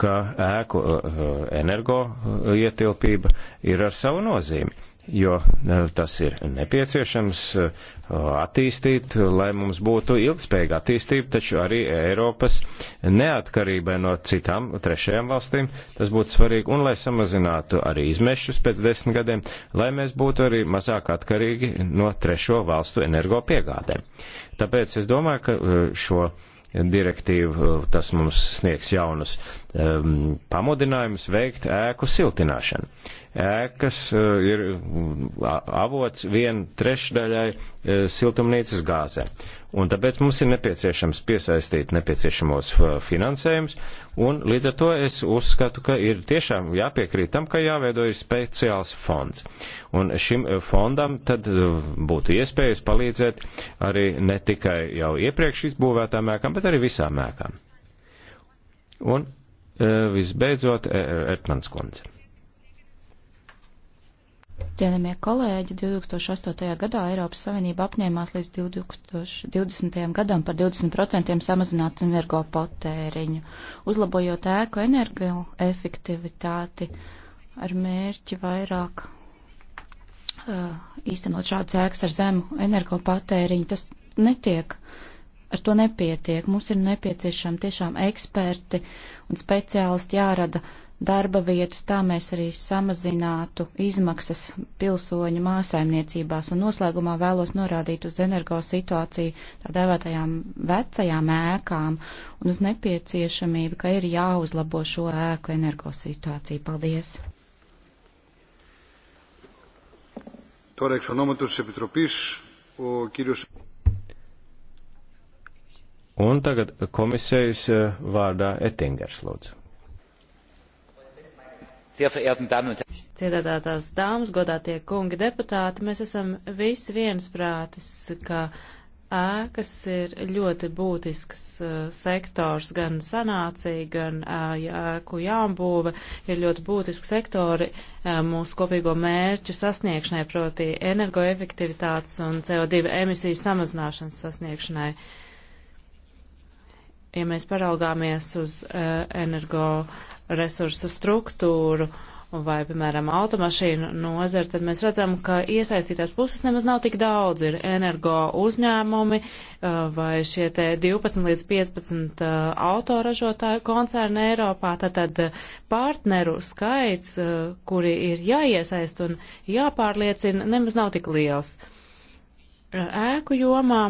[SPEAKER 4] ka ēku e, e, energo ietilpība ir ar savu nozīmi, jo tas ir nepieciešams attīstīt, lai mums būtu ilgspējīga attīstība, taču arī Eiropas neatkarībai no citām trešajām valstīm tas būtu svarīgi, un lai samazinātu arī izmešus pēc desmit gadiem, lai mēs būtu arī mazāk atkarīgi no trešo valstu energo piegādēm. Tāpēc es domāju, ka eh, šo direktīvu eh, tas mums sniegs jaunus um, pamudinājumus veikt ēku siltināšanu. Ēkas uh, ir mm, avots vien trešdaļai uh, siltumnīcas gāzē. Un tāpēc mums ir nepieciešams piesaistīt nepieciešamos uh, finansējums, un līdz ar to es uzskatu, ka ir tiešām jāpiekrīt tam, ka jāveidojas speciāls fonds. Un šim uh, fondam tad uh, būtu iespējas palīdzēt arī ne tikai jau iepriekš izbūvētām ēkām, bet arī visām ēkām. Un visbeidzot, e- e- Ertmans kundze.
[SPEAKER 5] Cienījamie kolēģi, 2008. gadā Eiropas Savienība apņēmās līdz 2020. gadam par 20% samazināt energopatēriņu, uzlabojot ēku energoefektivitāti ar mērķi vairāk uh, īstenot šādas ēkas ar zemu energopatēriņu. Tas netiek, ar to nepietiek. Mums ir nepieciešami tiešām eksperti un speciālisti jārada uh, darba vietas, tā mēs arī samazinātu izmaksas pilsoņu māsaimniecībās. Un noslēgumā vēlos norādīt uz energo situāciju tā dēvētajām vecajām ēkām un uz nepieciešamību, ka ir jāuzlabo šo ēku energo situāciju. Paldies!
[SPEAKER 3] Τώρα εξ ονόματος της
[SPEAKER 2] Επιτροπής, ο κύριος...
[SPEAKER 4] Un tagad komisijas eh, vārdā Ettingers lūdzu sehr verehrten Damen und Herren!
[SPEAKER 1] Cienētās dāmas, godātie kungi deputāti, mēs esam visi viensprātis, ka ēkas ir ļoti būtisks uh, sektors, gan sanācija, gan uh, ēku jāmbūve ir ļoti būtiski sektori uh, mūsu kopīgo mērķu sasniegšanai, proti energoefektivitātes un CO2 emisiju samazināšanas sasniegšanai. Uh, ja mēs paraugāmies uz uh, energoresursu struktūru vai, piemēram, automašīnu nozari, tad mēs redzam, ka iesaistītās puses nemaz nav tik daudz. Ir energo uzņēmumi uh, vai šie te 12 līdz 15 uh, eh, autoražotāju koncerni Eiropā. Tātad partneru skaits, uh, kuri ir jāiesaist un jāpārliecina, nemaz nav tik liels. Uh, ēku jomā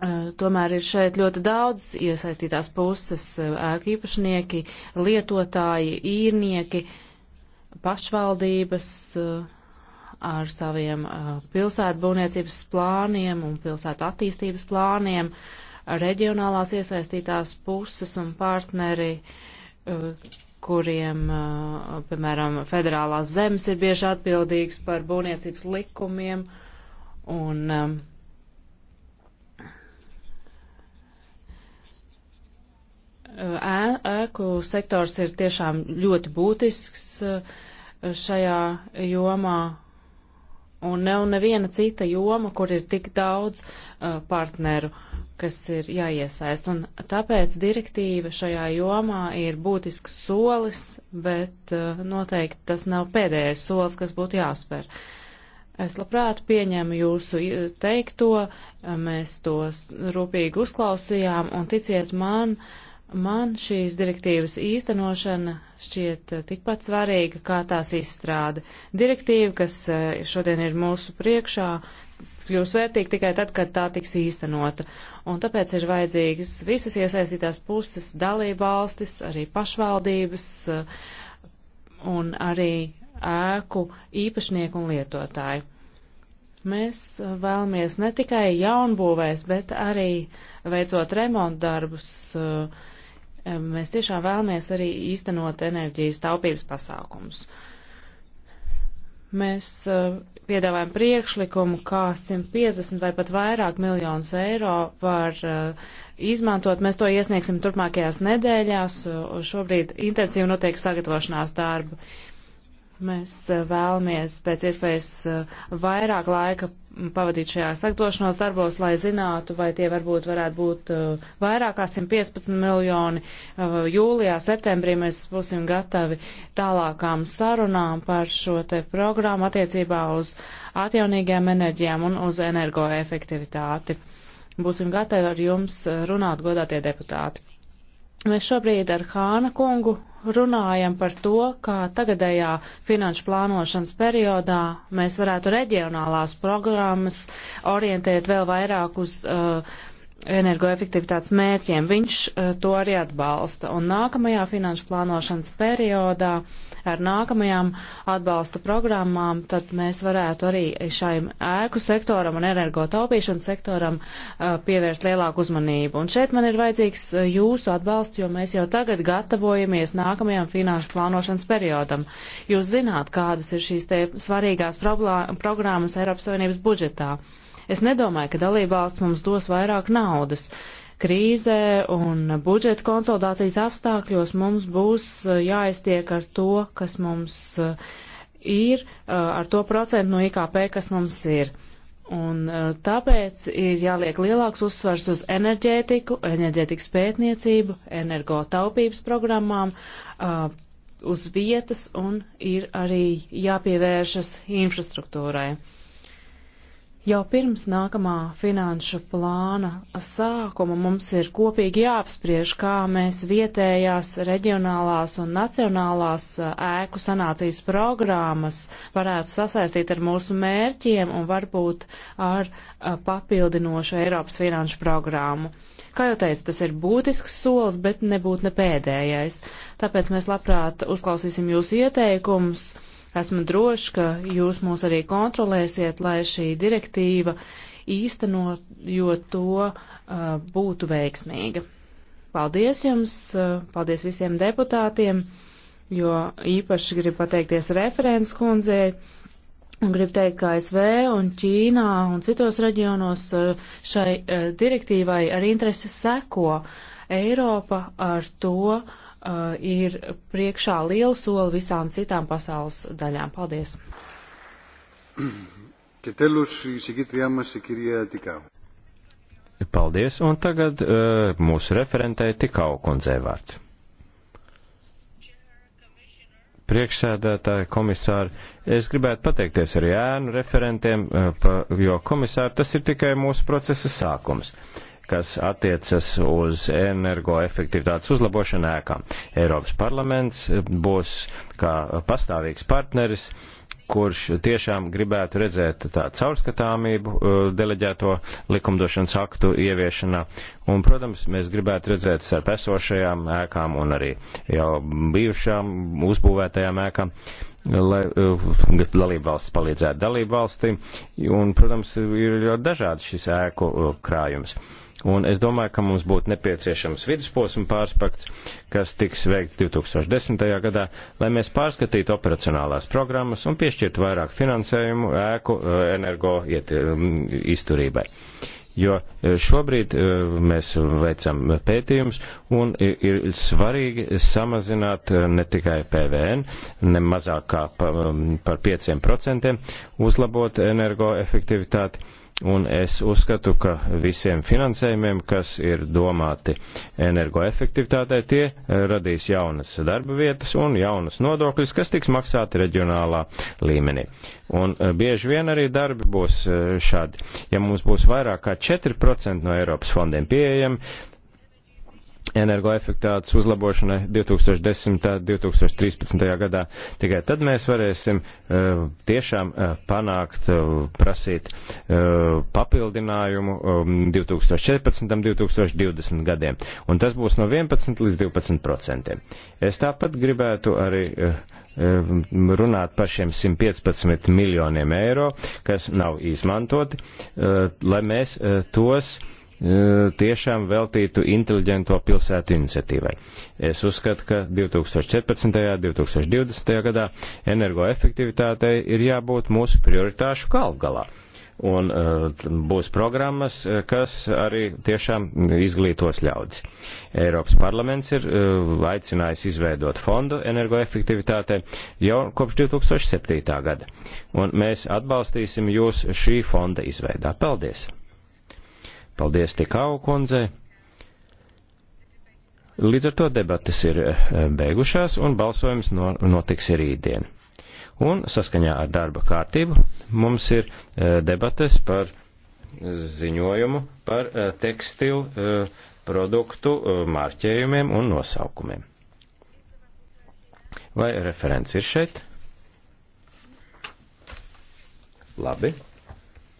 [SPEAKER 1] Eh, tomēr ir šeit ļoti daudz iesaistītās puses eh, - ēku īpašnieki, lietotāji, īrnieki, pašvaldības eh, ar saviem pilsētbūvniecības plāniem un pilsētu attīstības plāniem, reģionālās iesaistītās puses un partneri, kuriem, piemēram, federālās zemes ir bieži atbildīgs par būvniecības likumiem un um, ēku sektors ir tiešām ļoti būtisks eh, šajā jomā. Un nav neviena cita joma, kur ir tik daudz uh, partneru, kas ir jāiesaist. Un tāpēc direktīva šajā jomā ir būtisks solis, bet uh, noteikti tas nav pēdējais solis, kas būtu jāspēr. Es labprāt pieņemu jūsu teikto, mēs tos rūpīgi uzklausījām, un ticiet man, uh, Man šīs direktīvas īstenošana šķiet eh, tikpat svarīga kā tās izstrāde. Direktīva, kas eh, šodien ir mūsu priekšā, kļūs vērtīga tikai tad, kad tā tiks īstenota. Un tāpēc ir vajadzīgas visas iesaistītās puses, dalībvalstis, arī pašvaldības eh, un arī ēku īpašnieku un lietotāju. Mēs vēlamies ne tikai jaunbūvēs, bet arī veicot remontdarbus. darbus mēs tiešām vēlamies arī īstenot enerģijas taupības pasākumus. Mēs e, piedāvājam priekšlikumu, kā 150 vai pat vairāk miljonus eiro var e, izmantot. Mēs to iesniegsim turpmākajās nedēļās. E, šobrīd intensīvi notiek sagatavošanās darbu. Mēs eh, vēlamies pēc iespējas eh, vairāk laika pavadīt šajā sagatavošanās darbos, lai zinātu, vai tie varbūt varētu būt eh, vairāk kā 115 miljoni. Jūlijā, septembrī mēs būsim gatavi tālākām sarunām par šo te programmu attiecībā uz atjaunīgajām enerģijām un uz energoefektivitāti. Būsim gatavi ar jums runāt, godātie deputāti. Mēs šobrīd ar Hāna kungu runājam par to, kā tagadējā finanšu plānošanas periodā mēs varētu reģionālās programmas orientēt vēl vairāk uz uh, energoefektivitātes mērķiem. Viņš eh, to arī atbalsta. Un nākamajā finanšu plānošanas periodā ar nākamajām atbalsta programmām, tad mēs varētu arī šajam ēku sektoram un energo taupīšanas sektoram eh, pievērst lielāku uzmanību. Un šeit man ir vajadzīgs eh, jūsu atbalsts, jo mēs jau tagad gatavojamies nākamajam finanšu plānošanas periodam. Jūs zināt, kādas ir šīs te svarīgās programmas Eiropas Savienības budžetā. Es nedomāju, ka dalībvalsts mums dos vairāk naudas. Krīzē un budžeta konsolidācijas apstākļos mums būs uh, jāiztiek ar to, kas mums uh, ir, uh, ar to procentu no IKP, kas mums ir. Un tāpēc ir jāliek lielāks uzsvars uz enerģētiku, enerģētikas pētniecību, energotaupības programmām, uh, uz vietas un ir arī jāpievēršas infrastruktūrai. Jau pirms nākamā finanšu plāna sākuma mums ir kopīgi jāapspriež, kā mēs vietējās, reģionālās un nacionālās ēku sanācijas programmas varētu sasaistīt ar mūsu mērķiem un varbūt ar papildinošu Eiropas finanšu programmu. Kā jau teicu, tas ir būtisks solis, bet nebūtu ne pēdējais. Tāpēc mēs labprāt uzklausīsim jūsu ieteikumus Esmu drošs, ka jūs mūs arī kontrolēsiet, lai šī direktīva īstenojot to uh, būtu veiksmīga. Paldies jums, uh, paldies visiem deputātiem, jo īpaši gribu pateikties referents kundzei. Un gribu teikt, ka ASV un Ķīnā un citos reģionos uh, šai direktīvai ar interesi seko Eiropa ar to, uh, uh, ir priekšā liela soli visām citām pasaules daļām. Paldies!
[SPEAKER 4] Paldies, un tagad uh, mūsu referentei Tikau kundzei vārds. Priekšsēdētāji, komisāri, es gribētu pateikties arī ēnu referentiem, uh, jo komisāri tas ir tikai mūsu procesa sākums. Uh, kas attiecas uz energoefektivitātes uzlabošanu ēkām. Eiropas parlaments būs kā pastāvīgs partneris kurš tiešām gribētu redzēt tā caurskatāmību uh, deleģēto likumdošanas aktu ieviešanā. Un, protams, mēs gribētu redzēt starp esošajām ēkām un arī jau bijušām uzbūvētajām ēkām lai uh, dalību valsts palīdzētu dalību valstīm, un, protams, ir ļoti dažāds šis ēku uh, krājums. Un es domāju, ka mums būtu nepieciešams vidusposma pārspakts, kas tiks veikts 2010. gadā, lai mēs pārskatītu operacionālās programmas un piešķirtu vairāk finansējumu ēku eh, energo iet, um, izturībai. Jo eh, šobrīd eh, mēs veicam pētījumus un ir svarīgi samazināt ne tikai PVN, ne mazāk kā um, par 5%, uzlabot energoefektivitāti Un es uzskatu, ka visiem finansējumiem, kas ir domāti energoefektivitātei, tie radīs jaunas darba vietas un jaunas nodokļas, kas tiks maksāti reģionālā līmenī. Un eh, bieži vien arī darbi būs eh, šādi. Ja mums būs vairāk kā 4% no Eiropas fondiem pieejami, energoefektātes uzlabošanai 2010. un 2013. gadā. Tikai tad mēs varēsim uh, tiešām uh, panākt, uh, prasīt uh, papildinājumu um, 2014. un 2020. gadiem. Un tas būs no 11 līdz 12 procentiem. Es tāpat gribētu arī uh, runāt par šiem 115 miljoniem eiro, kas nav izmantoti, uh, lai mēs uh, tos uh, E, tiešām veltītu inteliģento pilsētu iniciatīvai. Es uzskatu, ka 2014. un 2020. gadā energoefektivitātei ir jābūt mūsu prioritāšu kalvgalā. Un uh, būs programmas, e, kas arī tiešām izglītos ļaudis. Eiropas parlaments ir uh, aicinājis izveidot fondu energoefektivitātei jau kopš 2007. gada. Un mēs atbalstīsim jūs šī fonda izveidā. Paldies! Paldies Tikau kundzei. Līdz ar to debatas ir eh, beigušās un balsojums notiks rītdien. Un saskaņā ar darba kārtību mums ir eh, debates par ziņojumu par eh, tekstilu produktu mārķējumiem un nosaukumiem. Vai referents ir šeit? Labi.